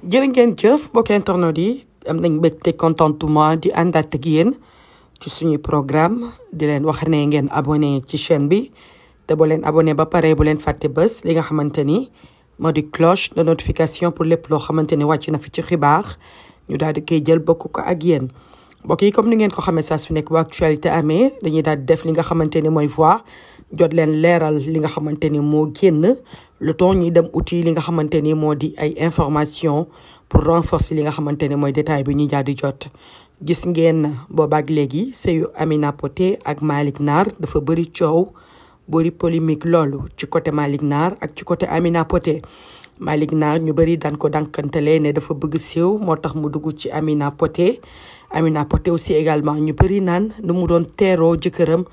jërë ngeen jëf mbokk internet yi am nañ mbégte contentement di àndaat ak yéen ci suñuy programme di leen wax ne ngeen abonné ci chaîne bi te boo leen abonné ba pare bu leen fàtte bés li nga xamante ni moo di cloche de notification pour lépp loo xamante ni wàcc na fi ci xibaar ñu daal di koy jël bokk ko ak yéen mbokk yi comme ni ngeen ko xamee saa su nekk bu actualité amee dañuy daal di def li nga xamante ni mooy voix jot leen leeral li nga xamante ni moo génn le temps ñuy dem outil li nga xamante ni moo di ay information pour renforcer li nga xamante ne mooy détail bi ñu jaar di jot gis ngeen boobaak léegi sëyu Amina Poté ak Malick naar dafa bëri coow bëri polémique loolu ci côté Malick naar ak ci côté Amina Poté Malick Nar ñu bëri daan ko dànkantale ne dafa bëgg siiw moo tax mu dugg ci Amina Poté Amina Poté aussi également ñu bëri naan nu mu doon teeroo jëkkëram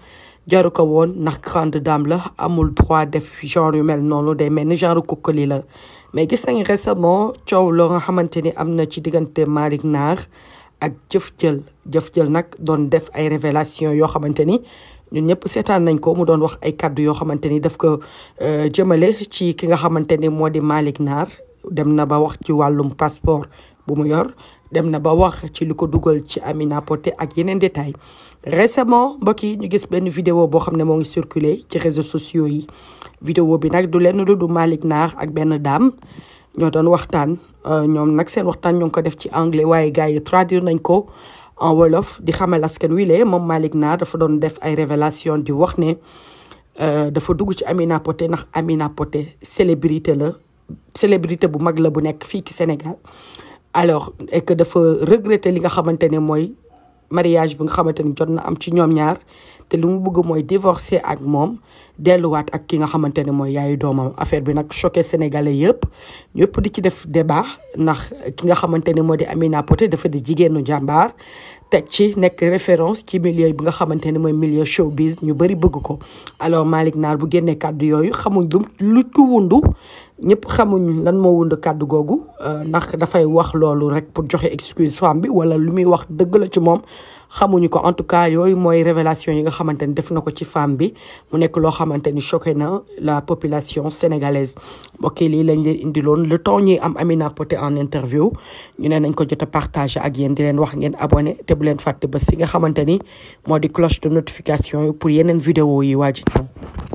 jaru ko woon ndax grande dame la amul droit def genre yu mel noonu day mel ni genre kokkali la mais gis nañ récemment coow loo nga xamante ni am na ci diggante Malick Naar ak Jëf Jël Jëf Jël nag doon def ay révélation yoo xamante ni ñun ñëpp seetaan nañ ko mu doon wax ay kàddu yoo xamante ni daf ko euh, jëmale ci ki nga xamante ni moo di Malick Naar dem na ba wax ci wàllum passeport bu mu yor dem na ba wax ci li ko dugal ci Amina Poté ak yeneen détail récemment mbokk yi ñu gis benn vidéo boo xam ne moo ngi circulé ci réseaux sociaux yi vidéo bi nag du lenn lu du Malick naax ak benn daam ñoo doon waxtaan euh, ñoom nag seen waxtaan ñu ngi ko def ci anglais waaye gars yi traduire nañ ko en wolof di xamal askan wi le moom Malick Naar dafa doon def ay révélation di wax ne euh, dafa dugg ci Amina Poté nax Amina Poté célébrité la célébrité bu mag la bu nekk fii ci Sénégal alors et que dafa regretter li nga xamante ne mooy mariage bi nga xamante ne jot na am ci ñoom ñaar te li mu bugg mooy divorcer ak moom delluwaat ak ki nga xamante ne mooy yaayu doomam affaire bi nag choqué sénégalais yëpp ñëpp di ci def débat ndax ki nga xamante ne moo di Amina Poté dafa di jigéenu jàmbaar teg ci nekk référence ci milieu bi nga xamante ne mooy milieu showbiz ñu bëri bëgg ko alors Malick Naar bu génnee kàddu yooyu xamuñ lu lu ci wundu ñëpp xamuñ lan moo wundu kàddu googu euh, ndax dafay wax loolu rek pour joxe excuse femme bi wala lu muy wax dëgg la ci moom xamuñu ko en tout cas yooyu mooy révélation yi nga xamante ne def na ko ci femme bi nekk xamante ni choqué na la population sénégalaise mbokk i lii lañ leen indiloon le temps ñuy am Amina Poté un interview ñu ne nañ ko jot a partagé ak yéen di leen wax ngeen abonné te bu leen fàtte ba si nga xamante ni moo di cloche de notification yi pour yeneen vidéo yi waajit na